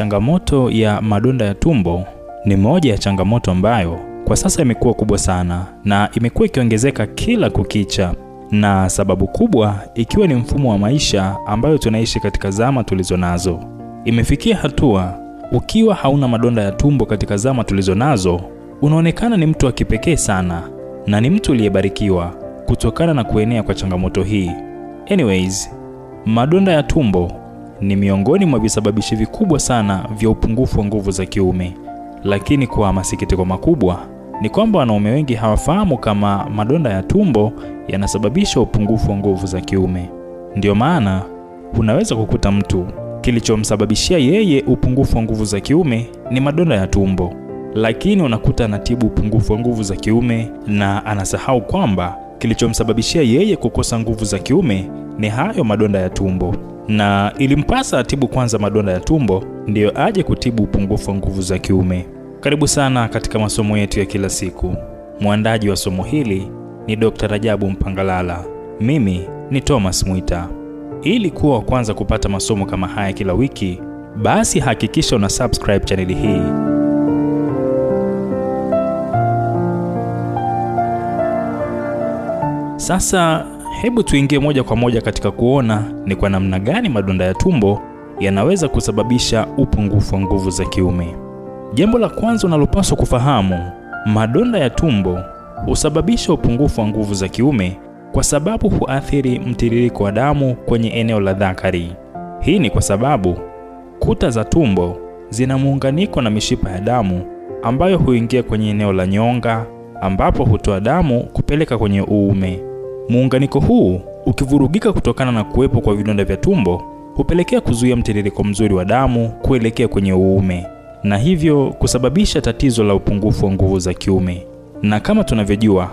changamoto ya madonda ya tumbo ni moja ya changamoto ambayo kwa sasa imekuwa kubwa sana na imekuwa ikiongezeka kila kukicha, na sababu kubwa ikiwa ni mfumo wa maisha ambayo tunaishi katika zama tulizo nazo. Imefikia hatua ukiwa hauna madonda ya tumbo katika zama tulizo nazo, unaonekana ni mtu wa kipekee sana na ni mtu uliyebarikiwa kutokana na kuenea kwa changamoto hii. Anyways, madonda ya tumbo ni miongoni mwa visababishi vikubwa sana vya upungufu wa nguvu za kiume. Lakini kwa masikitiko makubwa ni kwamba wanaume wengi hawafahamu kama madonda ya tumbo yanasababisha upungufu wa nguvu za kiume. Ndiyo maana unaweza kukuta mtu kilichomsababishia yeye upungufu wa nguvu za kiume ni madonda ya tumbo, lakini unakuta anatibu upungufu wa nguvu za kiume na anasahau kwamba kilichomsababishia yeye kukosa nguvu za kiume ni hayo madonda ya tumbo na ilimpasa atibu kwanza madonda ya tumbo ndiyo aje kutibu upungufu wa nguvu za kiume. Karibu sana katika masomo yetu ya kila siku. Mwandaji wa somo hili ni Dr. Rajabu Mpangalala. Mimi ni Thomas Mwita. Ili kuwa wa kwanza kupata masomo kama haya kila wiki, basi hakikisha una subscribe chaneli hii. Sasa Hebu tuingie moja kwa moja katika kuona ni kwa namna gani madonda ya tumbo yanaweza kusababisha upungufu wa nguvu za kiume. Jambo la kwanza unalopaswa kufahamu, madonda ya tumbo husababisha upungufu wa nguvu za kiume kwa sababu huathiri mtiririko wa damu kwenye eneo la dhakari. Hii ni kwa sababu kuta za tumbo zina muunganiko na mishipa ya damu ambayo huingia kwenye eneo la nyonga ambapo hutoa damu kupeleka kwenye uume. Muunganiko huu ukivurugika kutokana na kuwepo kwa vidonda vya tumbo hupelekea kuzuia mtiririko mzuri wa damu kuelekea kwenye uume na hivyo kusababisha tatizo la upungufu wa nguvu za kiume. Na kama tunavyojua,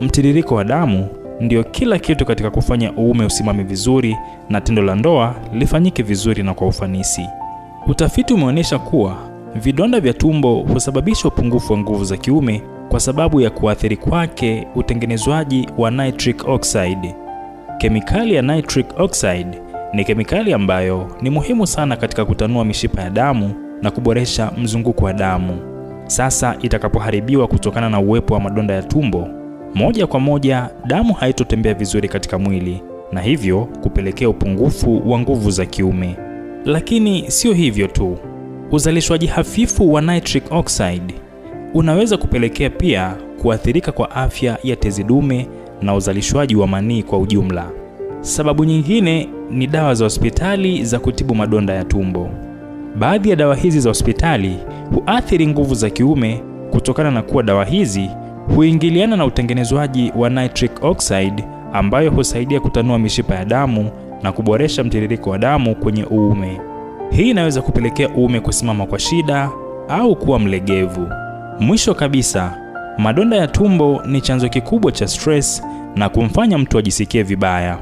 mtiririko wa damu ndio kila kitu katika kufanya uume usimame vizuri na tendo la ndoa lifanyike vizuri na kwa ufanisi. Utafiti umeonyesha kuwa vidonda vya tumbo husababisha upungufu wa nguvu za kiume kwa sababu ya kuathiri kwake utengenezwaji wa nitric oxide. Kemikali ya nitric oxide ni kemikali ambayo ni muhimu sana katika kutanua mishipa ya damu na kuboresha mzunguko wa damu. Sasa itakapoharibiwa kutokana na uwepo wa madonda ya tumbo, moja kwa moja damu haitotembea vizuri katika mwili na hivyo kupelekea upungufu wa nguvu za kiume. Lakini sio hivyo tu, uzalishwaji hafifu wa nitric oxide unaweza kupelekea pia kuathirika kwa afya ya tezi dume na uzalishwaji wa manii kwa ujumla. Sababu nyingine ni dawa za hospitali za kutibu madonda ya tumbo. Baadhi ya dawa hizi za hospitali huathiri nguvu za kiume kutokana na kuwa dawa hizi huingiliana na utengenezwaji wa nitric oxide ambayo husaidia kutanua mishipa ya damu na kuboresha mtiririko wa damu kwenye uume. Hii inaweza kupelekea uume kusimama kwa shida au kuwa mlegevu. Mwisho kabisa, madonda ya tumbo ni chanzo kikubwa cha stress na kumfanya mtu ajisikie vibaya.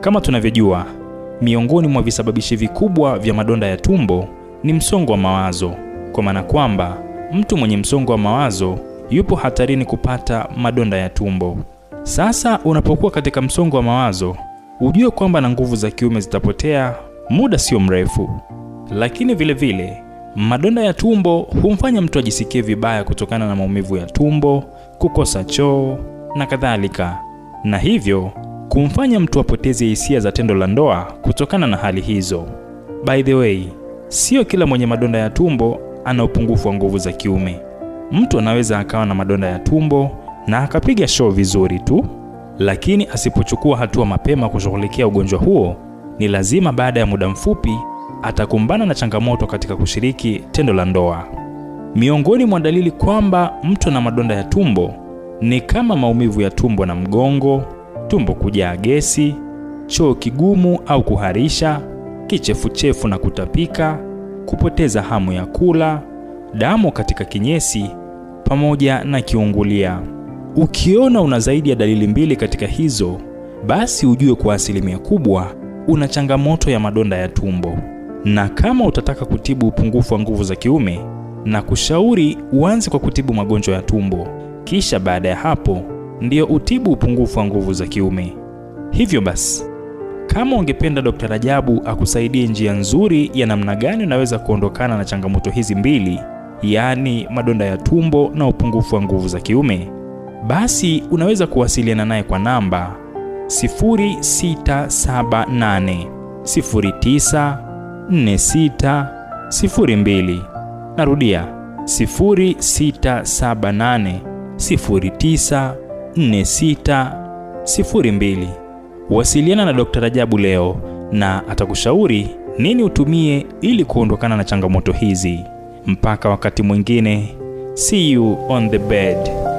Kama tunavyojua, miongoni mwa visababishi vikubwa vya madonda ya tumbo ni msongo wa mawazo, kwa maana kwamba mtu mwenye msongo wa mawazo yupo hatarini kupata madonda ya tumbo. Sasa unapokuwa katika msongo wa mawazo, ujue kwamba na nguvu za kiume zitapotea muda sio mrefu, lakini vilevile vile, Madonda ya tumbo humfanya mtu ajisikie vibaya kutokana na maumivu ya tumbo, kukosa choo na kadhalika, na hivyo kumfanya mtu apoteze hisia za tendo la ndoa kutokana na hali hizo. By the way, sio kila mwenye madonda ya tumbo ana upungufu wa nguvu za kiume. Mtu anaweza akawa na madonda ya tumbo na akapiga show vizuri tu, lakini asipochukua hatua mapema kushughulikia ugonjwa huo, ni lazima baada ya muda mfupi atakumbana na changamoto katika kushiriki tendo la ndoa. Miongoni mwa dalili kwamba mtu na madonda ya tumbo ni kama maumivu ya tumbo na mgongo, tumbo kujaa gesi, choo kigumu au kuharisha, kichefuchefu na kutapika, kupoteza hamu ya kula, damu katika kinyesi pamoja na kiungulia. Ukiona una zaidi ya dalili mbili katika hizo, basi ujue kwa asilimia kubwa una changamoto ya madonda ya tumbo na kama utataka kutibu upungufu wa nguvu za kiume, na kushauri uanze kwa kutibu magonjwa ya tumbo, kisha baada ya hapo ndio utibu upungufu wa nguvu za kiume. Hivyo basi, kama ungependa Dr. Rajabu akusaidie njia nzuri ya namna gani unaweza kuondokana na changamoto hizi mbili, yaani madonda ya tumbo na upungufu wa nguvu za kiume, basi unaweza kuwasiliana naye kwa namba 0678 09 4602. Narudia 0678 Wasiliana na Dr. Rajabu leo na atakushauri nini utumie ili kuondokana na changamoto hizi. Mpaka wakati mwingine, see you on the bed.